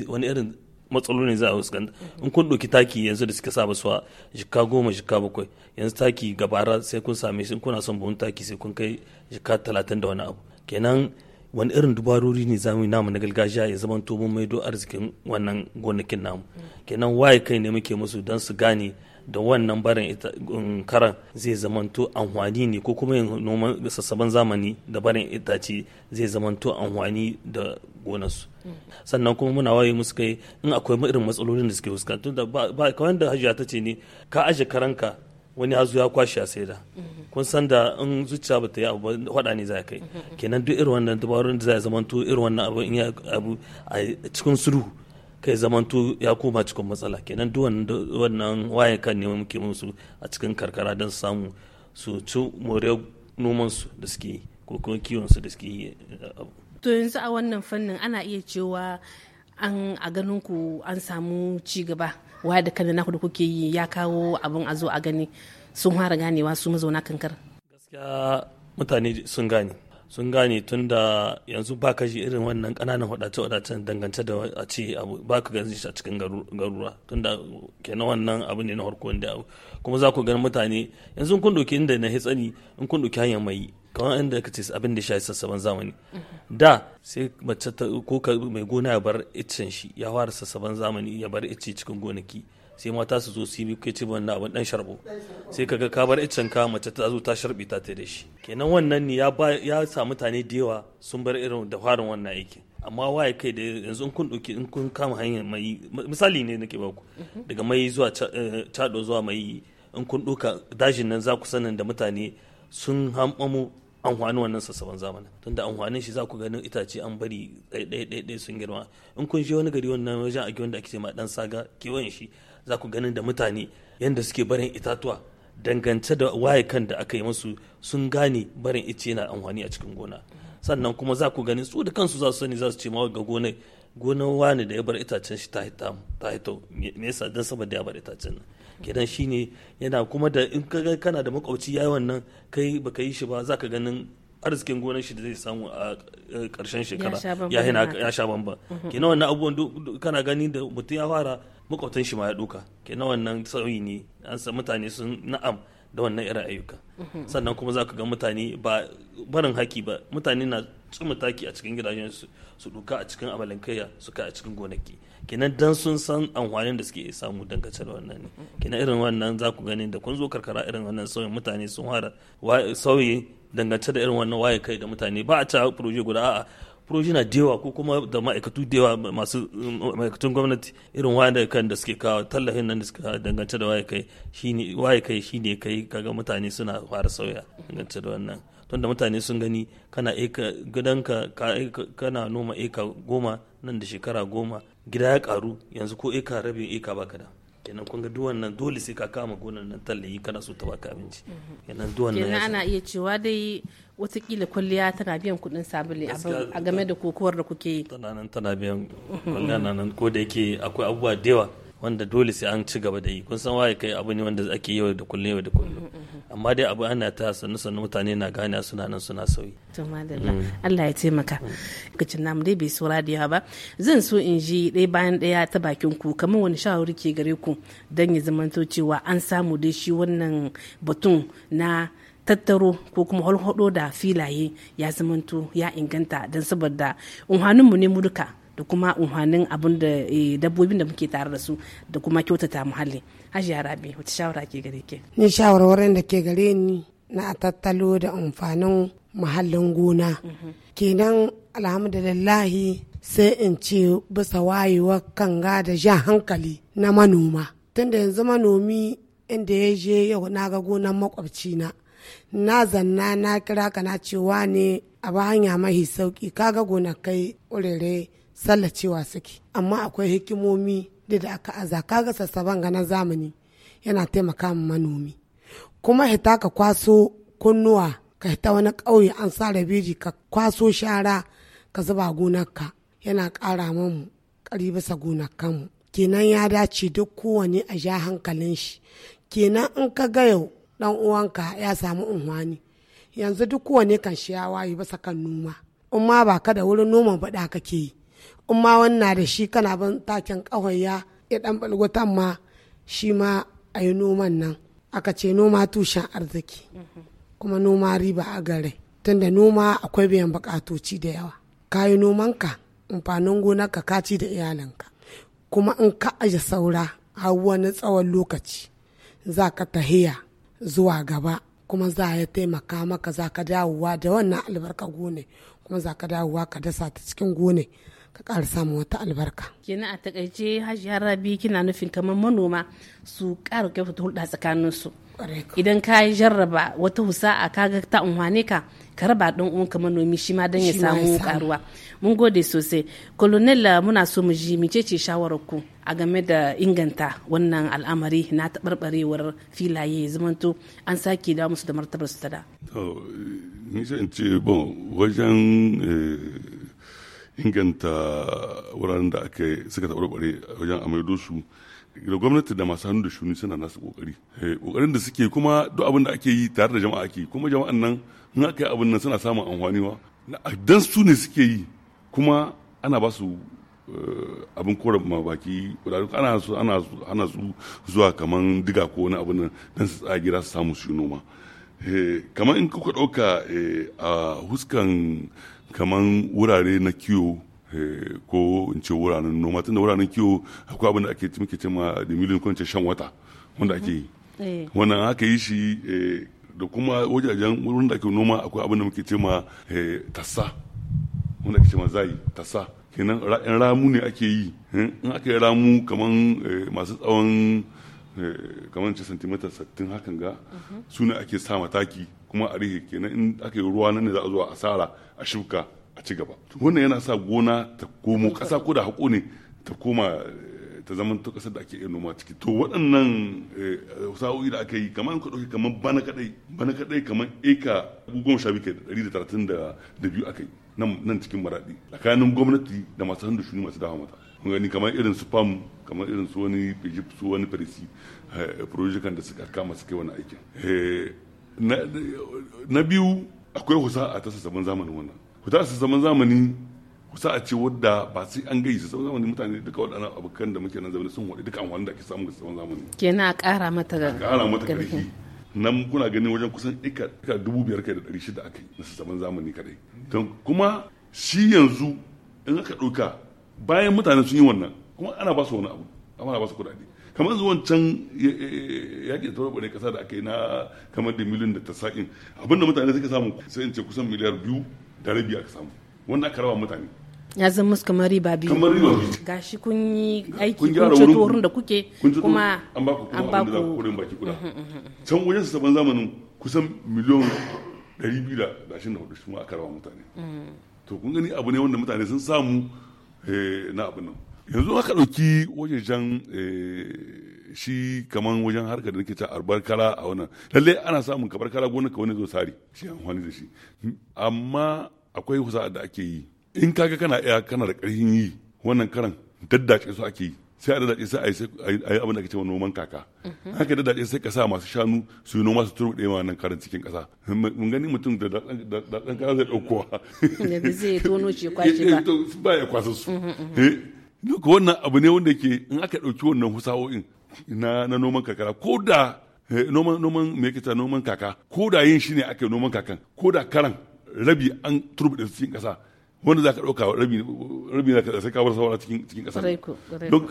wani irin matsaloli za a fuskanta in kun ɗauki taki yanzu da suka saba suwa jika goma jika bakwai yanzu taki gabara sai kun same shi kuna son buhun taki sai kun kai jika talatin da wani abu kenan wani irin dubarori ne zamu namu na gargajiya ya zama to mun maido arzikin wannan gonakin namu kenan waye kai ne muke musu don su gane da wannan barin um, karan zai zamanto amfani ne ko kuma yin noman sassaban zamani da barin itace zai zamanto amfani da gonarsu sannan kuma muna waye musu kai in akwai irin matsalolin da suke fuskanta da ba kawai da hajiya ta ce ne ka aje karanka wani ya ya kwashe a saida kun san da in zuciya ba ta yi abu hada ne za kai kenan duk irin wannan dabarun da za a zamanto irin wannan abu abu a cikin suruhu. kai zamanto ya koma cikin matsala kenan duk wannan waye kan ne muke musu a cikin karkara don samu su ci moriyar nomansu da suke ko kuma kiwonsu da suke eh,
to yanzu a wannan fannin ana iya cewa an a ganin ku an samu ci gaba waye da kan naku da kuke yi ya kawo abin a zo a gani sun fara ganewa su mazauna kankar
gaskiya mutane sun gane sun gane tun da yanzu ba ka ji irin wannan kananan wadace-wadacen dangance da a ce abu ba ka ganin shi a cikin garura tun da kenan wannan abu ne na harko wanda abu kuma za ku gani mutane yanzu kun doki inda na hitsani in kun doki hanyar mai kamar inda ka ce abin da shafi sassaban zamani mhm. da sai mace ta ko mai gona ya bar iccen ya fara sassaban zamani ya bar icce cikin gonaki sai mata su zo su yi kai ce wannan abin dan sharbo sai kaga ka bar iccen ka mace ta zo ta sharbi ta ta da shi kenan wannan ne ya ba ya sa mutane da yawa sun bar irin da farin wannan aikin amma waye kai da yanzu in kun in kun kama hanyar mai misali ne nake baku daga mai zuwa cado eh, zuwa mai in kun ɗauka dajin nan za ku sanin da mutane sun an amfanin wannan sassaban zamanin tunda amfanin shi za ku ganin itace an bari ɗaya sun girma in kun je wani gari wannan wajen a wanda ake ce ma ɗan saga kewayen shi za ku ganin da mutane yadda suke barin itatuwa dangance da waye kan da aka yi masu sun gane barin ice yana amfani a cikin gona sannan kuma za ku gani su da kansu za su sani za su ce ma ga gonar gonar wani da ya bar itacen shi ta hita ta hito me yasa dan saboda ya bar itacen nan kidan shine yana kuma da in kana da makwabci yayi wannan kai baka yi shi ba za ka ganin arzikin gonar shi da zai samu a karshen eh, shekara ya hina ya sha bamban mhm. wannan abubuwan kana gani da mutum ya fara makwabtan shi ma ya duka kina wannan sauyi ne an san mutane sun na'am da wannan irin ayyuka mhm. sannan kuma za ka ga mutane ba barin haki ba mutane na tsuma taki a cikin gidajen su duka a cikin abalankaya su ka a cikin gonaki kenan dan sun san amfanin da suke samu dangace da wannan ne kenan irin wannan za ku gani da kun zo karkara irin wannan sauyin mutane sun fara sauyi dangance da irin wannan waye kai da mutane ba a ta proje guda a'a proje na dewa ko kuma da ma'aikatu dewa masu ma'aikatun gwamnati irin wanda kan da suke kawo tallafin nan da suke dangance da waye kai shine waye kai shine kai kaga mutane suna fara sauya dangance da wannan tunda mutane sun gani kana eka gidanka kana noma eka goma nan da shekara goma gida ya karu yanzu ko eka rabin eka baka da kenan kun duwan nan dole sai ka kama gonan nan tallayi kana so ta baka abinci mhm. kenan duwan nan kenan ana
iya cewa dai watakila kwalliya tana biyan kudin sabulu
a game da kokowar da kuke yi tana nan tana biyan mhm. kwalliya nan ko da yake akwai abubuwa da yawa wanda dole sai an ci gaba da yi kun san waye kai abu ne wanda ake yau da kullum yau da kullum mm, mm, mm. amma dai abu ana ta sannu sannu mutane na gane suna nan suna sauyi
to madalla Allah ya taimaka kicin namu dai bai saura da yawa ba zan so in ji ɗaya bayan ɗaya ta bakin ku kamar wani shawari ke gare ku dan ya zamanto cewa an samu dai shi wannan batun na tattaro ko kuma holhodo da filaye ya zamanto ya inganta don saboda unhanunmu ne mu da kuma unhanin abin da eh, dabbobin da muke tare da su da kuma kyautata muhalli hajiya rabi wata shawara ke gare ke
ni shawarwarin da ke gare ni na tattalo da amfanin muhallin gona mhm. kenan alhamdulillahi sai in ce bisa wayewar kanga da jan hankali na manoma tunda yanzu manomi inda ya je yau na ga gonan makwabcina na zanna na kira ka na cewa ne a ba hanya mahi sauki kaga gonakai urere sallacewa suke amma akwai hikimomi da da aka aza kaga sassaban ga na zamani yana taimaka ma manomi kuma hita ka kwaso kunnuwa ka hita wani ƙauye an sa rabiji ka kwaso shara ka zuba gonarka yana ƙara mu ƙari bisa gonakanmu kenan ya dace duk kowane a ja hankalin shi kenan in ka ga yau dan uwanka ya samu unhwani yanzu duk kowane kan shi ya waye ba kan noma in ma ba ka da wurin noman baɗa kake yi in ma wannan da shi kana ban takin ƙawaya ya ɗan balgutan ma shi ma a yi noman nan aka ce noma tushen arziki kuma noma riba a gare tunda noma akwai biyan buƙatoci da yawa ka yi nomanka amfanin gonarka ka ci da iyalanka kuma in ka aje saura har wani tsawon lokaci za ka tahiya zuwa gaba kuma za a taimaka maka za ka dawowa da wannan albarka gone kuma za ka dawowa ka dasa ta cikin gone ka ƙara samun wata albarka.
Kina a takaice hajji rabi kina nufin kamar manoma su ƙara kyautata hulɗa tsakanin su idan ka jarraba wata husa'a kaga ta unwane ka karaba raba dan uwanka manomi shi ma dan ya samu karuwa mun gode sosai colonel ah, muna so mu ji ce shawarar ku a game da inganta wannan al'amari na taɓarɓarewar filaye zamanto an sake da musu da martabar su ta da.
nisan ce bon wajen eh, inganta wuraren da aka suka taɓarɓare wajen amaido su da gwamnati da masu hannu da shuni suna nasu kokari kokarin eh, da suke kuma duk abin da ake yi tare da jama'a ake kuma jama'an nan in aka yi abin nan suna samun amfaniwa dan su ne suke yi kuma ana ba su eh, abin kora ma baki ana su ana ana su zuwa kaman diga ko wani abin nan dan su tsaya gida su samu su noma eh, kaman in kuka dauka a huskan kaman wurare na kiwo Eh, ko in ce wuraren noma tunda wuraren kiwo akwai abin da ake muke ce ma da miliyan kwanci shan wata wanda ake yi mm-hmm. eh. wannan aka yi shi eh, da kuma wajajen wurin da ake noma akwai abin da muke ce ma tassa wanda ake ce zai tassa kenan ra'in ramu ne ake yi in aka yi ramu kaman masu tsawon kaman ce santimita sattin hakan ga mm-hmm. suna ake sa mataki kuma a rihe kenan in aka yi ruwa nan ne za a zo a asara a shuka a ci gaba wannan yana sa gona ta komo kasa ko da haƙo ne ta koma eh, ta zama ta kasar da ake iya noma ciki to waɗannan eh, sa'o'i da aka yi kamar ka ɗauki kamar bana kaɗai bana kaɗai kamar eka goma sha biyu kai da ɗari da talatin da biyu aka yi nan cikin maraɗi tsakanin gwamnati da masu hannu shuni masu dawa mata gani kamar irin su fam kamar irin su wani egypt su wani farisi eh, projekan da suka kama suke wani aikin na biyu akwai husa a tasa sabon zamanin wannan ku ta su zaman zamani ku sa a ce wadda ba sai an gaisa zaman zamani mutane duka waɗannan abokan da muke nan zaune sun waɗi duka amfani da ake samu ga zaman zamani
kenan a ƙara mata ƙara mata ƙarfi
nan kuna ganin wajen kusan ika dubu biyar kai da ɗari shida aka yi na zaman zamani kaɗai don kuma shi yanzu in aka ɗauka bayan mutane sun yi wannan kuma ana ba su wani abu amma ana ba su kuɗaɗe kamar zuwan can yaƙi da ne ƙasa da aka yi na kamar da miliyan da tasa'in abinda mutane suka samu sai in ce kusan miliyar biyu da rabi aka samu wanda aka rawa mutane
ya zan musu kamar riba biyu kamar riba biyu shi kun yi aiki kun ceto wurin da kuke kuma
an ba ku kuma abin da za ku kurin baki kuda mm, mm, mm, can wajen su saban zamanin kusan miliyon 224 shi ma aka mutane to kun gani abu ne wanda mutane sun samu eh, na abin nan yanzu aka ɗauki wajen eh, shi kaman wajen harkar da nake ta kala a wannan lalle ana samun kala gonar ka wani zo sari shi amfani da shi amma akwai husa da ake yi in kaga kana iya kana da ƙarfin yi wannan karan daddace su ake yi sai a daddace sai a yi abin da ake cewa noman kaka mhm. haka daddace sai ka sa masu shanu su yi noma su turu da wannan nan karan cikin kasa mun gani mutum da dan kaza zai ɗaukowa ne zai tono
ce kwashi eh, ba
eh, ba ya kwasa su mhm, mhm. Eh, wannan abu ne wanda ke in aka ɗauki wannan husawo'in na, na noman kakara ko da eh, noman noman me noman kaka ko da yin shi ne ake noman kakan ko da karan rabi an turbuɗe da cikin kasa wanda za ka ɗauka rabi rabi na ka sai ka bar cikin cikin kasa don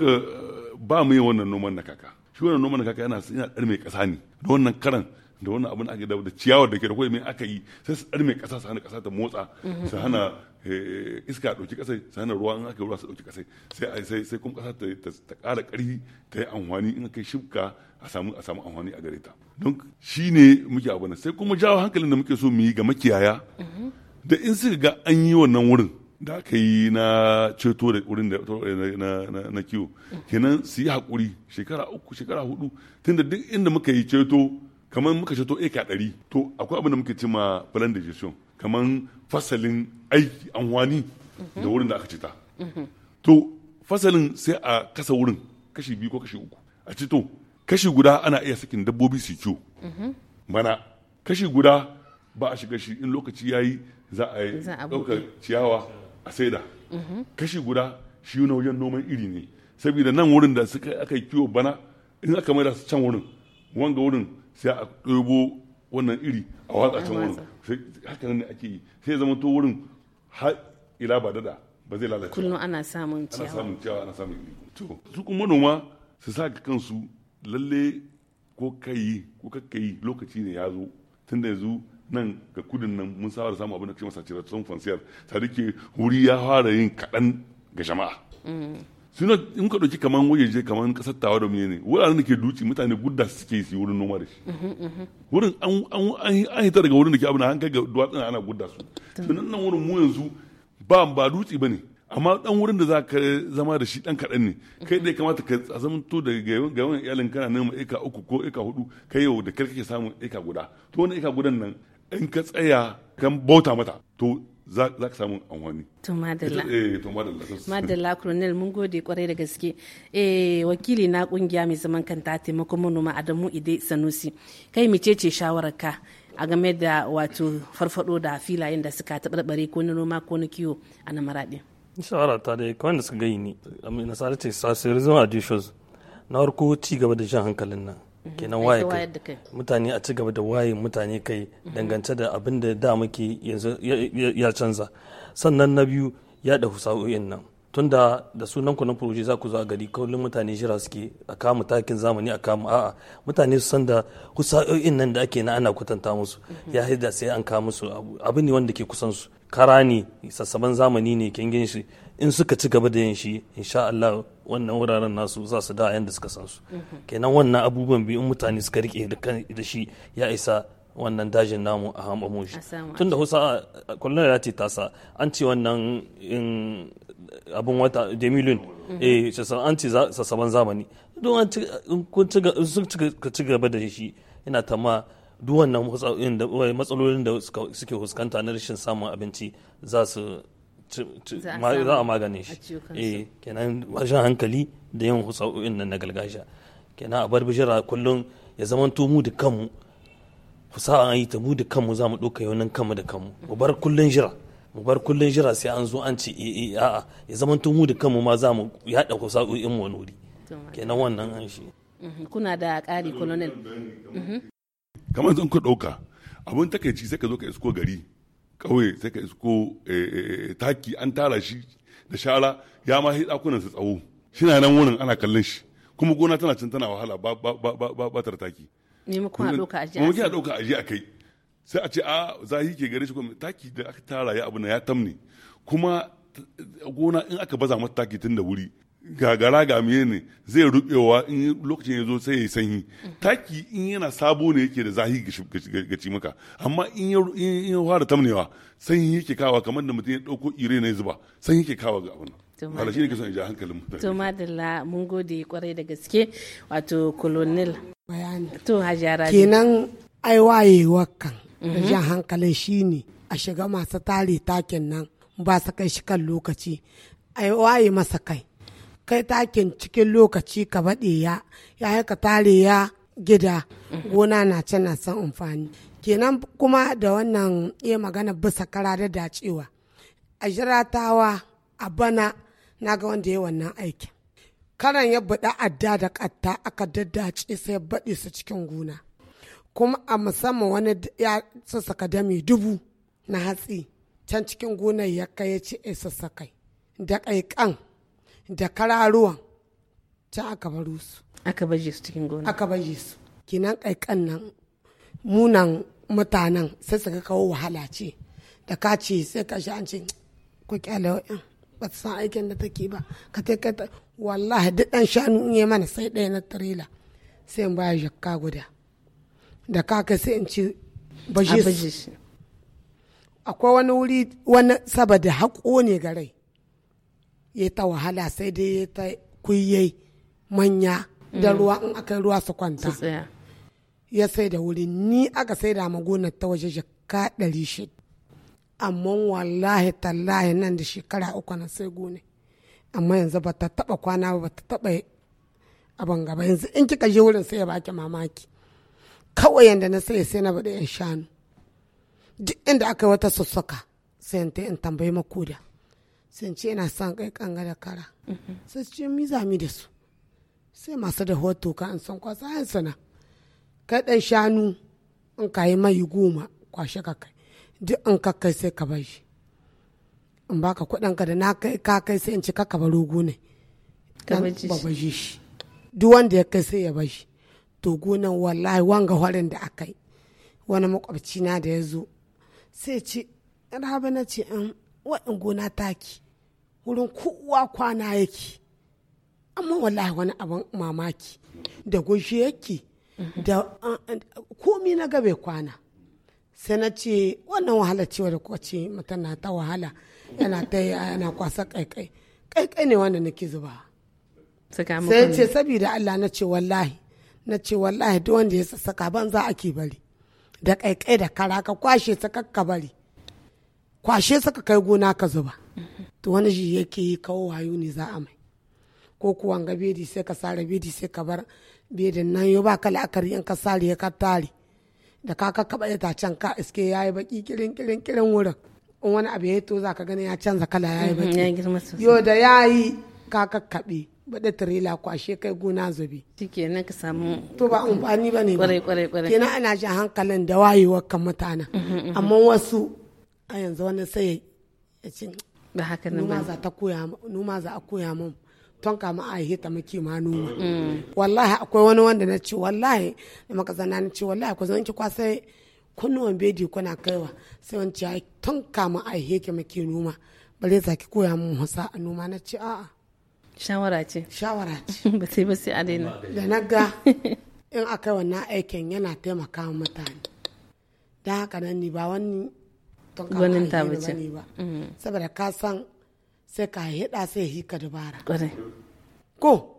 ba mu yin wannan noman na kaka shi wannan noman na kaka yana yana dar mai kasa ne da wannan karan da wannan abin ake da ciyawar da ke da kawai mai aka yi sai su dar mai kasa su hana kasa ta motsa su hana iska ɗauki ƙasai sannan ruwa in aka ruwa su ɗauki kasai. sai sai sai kuma ƙasa ta ƙara ƙarfi ta yi amfani in kai shibka a samu a samu amfani a gare ta don shi ne muke abu sai kuma jawo hankalin da muke so mu yi ga makiyaya da in suka ga an yi wannan wurin da aka yi na ceto da wurin da eh, na kiwo kenan su yi haƙuri shekara uku shekara hudu tunda duk inda muka yi ceto kamar muka ceto eka ɗari to akwai abin da muke cima plan de gestion kamar fasalin aiki anwani mhm. da wurin da aka cita mhm. to fasalin sai a kasa wurin kashi biyu ko kashi uku a ci to kashi guda ana iya sakin dabbobi su ciwo mhm. mana kashi guda ba a shiga shi in lokaci ya yi za a yi ɗaukar ciyawa a saida kashi guda shi na wajen noman iri ne saboda nan wurin da suka aka yi kiwo bana in aka maida su can wurin wanga wurin sai a ɗebo wannan iri a watsa can wurin haka ne ake yi sai zama to wurin har ila ba dada ba zai lalace kullu
ana samun ciyawa ana samun
ciyawa ana samun iri to su kuma manoma su sa kansu lalle ko kai ko kakkai lokaci ne ya zo tunda yanzu nan ga kudin nan mun saba da samu abin da ke masa cewa tsohon fansiyar sadike wuri ya fara yin kaɗan ga jama'a mm. suna in ka ɗauki wajen wajeje kamar ƙasar tawa da ne wuraren da ke duci mutane gudda suke su wurin noma da shi mhm, mhm. wurin an hita daga wurin da ke abu na hankali ga duwatsun ana gudda su tunan nan wurin mu yanzu ba ba duci ba ne amma dan wurin da za ka zama da shi dan kaɗan ne kai dai kamata ka zamanto da ga yawan iyalin kana nema eka uku ko eka hudu kai yau da kai kake samun eka guda to wani eka gudan nan in ka tsaya kan bauta mata to za ka samu amfani. To madalla. Eh to madalla. Madalla
Colonel mun gode kwarai da gaske. Eh wakili na kungiya mai zaman kanta taimakon manoma Adamu Ide Sanusi. Kai micece shawararka a game da wato farfado da filayen da suka tabarbare ko na noma ko na kiwo a na maraɗi.
Shawara ta dai kawai da suka gani ne. Nasara ce sasirizm additions na farko ci gaba da shan hankalin nan. Mhm. kenan waye kai mutane a ci gaba da waye mutane kai mhm. dangance da abin da da muke yanzu ya canza sannan na biyu ya da husa'o'in nan tunda da sunan ku na furoji za ku zo a gari kullum mutane jira suke a kama takin zamani a kama a'a mutane su san da husa'o'in nan da ake na ana kwatanta musu mhm. ya haida sai an kama musu abu ne wanda ke kusan su kara ne sassaban zamani ne kin shi in suka ci gaba da yin shi insha Allah wannan wuraren nasu za su da yadda suka san su mhm. kenan wannan abubuwan biyu in mutane suka rike da shi ya isa wannan dajin namu a hamamu shi tunda husa kullun ya ce tasa an ce wannan in abun wata demilin mhm. eh an ce sassaban zamani don an ci ci gaba da shi yana tama duk wannan matsalolin da suke fuskanta na rashin samun abinci za su za a magane shi eh kenan rashin hankali da yin hutsa'o'in nan na galgasha kenan a bar bishira kullum ya zamanto mu da kanmu fusa'a an yi ta mu da kanmu za mu ɗauka yaunin kanmu da kanmu mu bar kullum jira mu bar kullum jira sai an zo an ce eh, eh a'a ya zamanto mu da kanmu ma za mu yaɗa
in mu wani kenan wannan an shi
mhm. kuna da ƙari colonel mhm.
kamar zan ka ɗauka abin takaici sai ka zo ka isko gari kauye sai ka isko eh, eh, eh, taki an tara shi da shara ya ma ɗakunan su tsawo shina nan wurin ana kallon shi kuma gona tana can tana wahala ba ba ba ba ba ba tartaki
maimakon a ɗauka aji maimakon a ɗauka
aji a kai sai a ce a zahi ke gare shi kuma taki da aka tara ya abu na ya tamne kuma gona in aka baza mata taki tun da wuri gagara ga ne zai rubewa in lokacin ya zo sai ya sanyi taki in yana sabo ne yake da zahi ga cimaka amma in ya fara tamnewa sanyi yake kawa kamar da mutum ya dauko ire na zuba sanyi yake kawa ga abin wala shi ne ke ja hankalin mutane to
madalla mun gode kwarai da gaske wato colonel to hajara kenan
ai wayewa kan da mhm. jan hankalin shine a shiga masu tare takin nan ba su kai shi kan lokaci ai waye masa kai kai takin cikin lokaci ka baɗe ya ya ka tare ya gida gona na can na san amfani kenan kuma da wannan iya magana bisa kara da dacewa a jiratawa a bana na ga wanda ya wannan aiki. karan ya buɗa adda da ƙatta aka daddace sai ya baɗe su cikin gona kuma a musamman wani ya sassaka dami dubu na hatsi can cikin gonar ya kai ya ce sassakai da ƙaiƙan da kararuwan ta aka baro su aka baje su cikin gona aka baje su kinan kaikan nan munan mutanen sai suka kawo wahala ce da ka ce sai ka sha an ce ku kyale ba ta san aikin da take ba ka ta kai wallahi duk ɗan shanu in yi mana sai ɗaya na tirela sai in baya jakka guda da ka kai sai in ci baje su akwai wani wuri wani saboda haƙo ne ga rai ya ta wahala sai dai ya ta kuyye manya da ruwa in aka ruwa su kwanta ya sai da wuri ni aka sai da magonar ta waje jaka ɗari shida amma wallahi tallahi nan da shekara uku na sai gone amma yanzu ba ta taɓa kwana ba ta taba abin gaba yanzu in kika je wurin sai ya baki mamaki kawai yanda na sai sai na baɗi yan shanu duk inda aka yi wata sussuka sai in tambayi makuda sun ce yana son kai kanga da kara mhm. sai ce mi zami da su sai masu da hoto ka an san kwasa yan sana kai dan shanu in ka yi mai goma kwashe ka kai duk in ka kai sai ka bar shi in ka kudin ka da na kai ka kai sai in ci ka baro gona ka bar shi duk wanda ya kai sai ya bar shi to gonan wallahi wanga horin da akai. wani makwabci na da ya zo sai ce rabe na ce an wa'in gona taki wurin kowa kwana yake amma wallahi wani abin mamaki da gushi yake da komi na gabe kwana sai na ce wannan wahala ce da kwace mata na ta wahala yana ta yana kwasa kaikai kaikai ne wanda nake zuba
sai ce
saboda Allah na ce wallahi na ce wallahi duk wanda ya sassaka ban za a ke bari da kaikai da kara ka kwashe ta kakka bari kwashe saka kai gona ka zuba to wani shi yake yi kawo wayo ne za a mai ko kuwa ga bedi sai ka sare bedi sai ka bar bedin nan yau ba ka la'akari in ka sare ya ka tare da ka ka kaba can ka iske ya yi baki kirin kirin kirin wurin in wani abu ya to za ka gani ya canza kala ya yi mm-hmm. baki yo da ya yi ka ka kabe bada tirela kwashe kai gona zabi shikenan ka samu to ba amfani ba ne ba kenan ana jin hankalin da wayewar kan mutanen mm-hmm, mm-hmm. amma wasu a yanzu wani sai ya ci numa za a koya mun ton kama a yi ta maki ma numa mm. wallahi akwai wani wanda na ci wallahi da maka zana na ci wallahi ku zanki ki kwasai kunnuwan bedi kuna kaiwa sai wani ce ton kama a yi ki maki numa bare za ki koya mun hausa a numa na ci a'a shawara ce shawara
ce ba sai ba sai a daina da na
ga in aka wannan aikin yana taimaka mutane da haka nan ni ba wani tun gwanin ta bace mm. saboda ka san sai ka hida sai hika dubara ko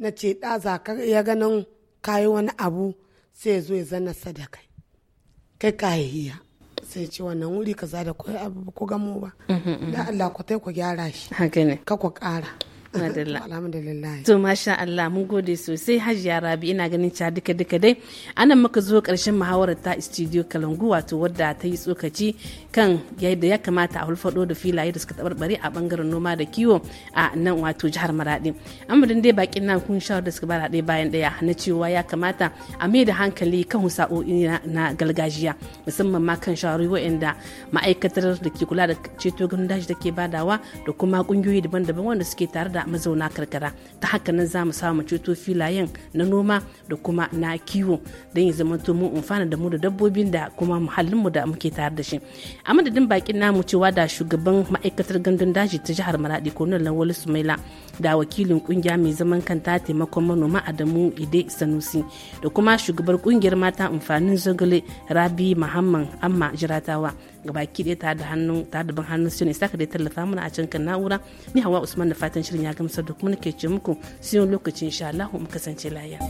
na ce da za ka ya ganin kayi wani abu sai zo ya zana sadaka kai ka hiya sai ce wannan wuri za da koyi abu ko gamo ba mm-hmm, mm-hmm. da Allah
ku tai ku gyara shi
ka ku kara
To masha Allah mun gode sosai Hajiya Rabi ina ganin cewa duka duka dai anan muka zo karshen muhawarar ta studio Kalangu wato wadda ta yi tsokaci kan yadda ya kamata a hulfado da filaye da suka tabarbare a bangaren noma da kiwo a nan wato jihar Maradi. amurin dai bakin nan kun shawar da suka bara ɗaya bayan ɗaya na cewa ya kamata a mai da hankali kan husa'o'i na gargajiya musamman ma kan shawarwari waɗanda ma'aikatar da ke kula da ceto gandaji daji ke badawa da kuma kungiyoyi daban-daban wanda suke tare da da mazauna karkara ta haka nan za mu samu ceto filayen na noma da kuma na kiwo don ya zama mun amfana da mu da dabbobin da kuma muhallinmu da muke tare da shi a madadin bakin namu cewa da shugaban ma'aikatar gandun daji ta jihar maradi kano lawal sumaila da wakilin kungiya mai zaman kanta taimakon manoma adamu ide sanusi da kuma shugabar kungiyar mata amfanin zogale rabi muhammad amma jiratawa ga baki ɗaya ta da hannun ta da ban hannun sune saka da tallafa mana a can kan na'ura ni hawa usman da fatan shirin ya gamsar da kuma nake ce muku siyon lokacin insha Allah mu kasance lafiya.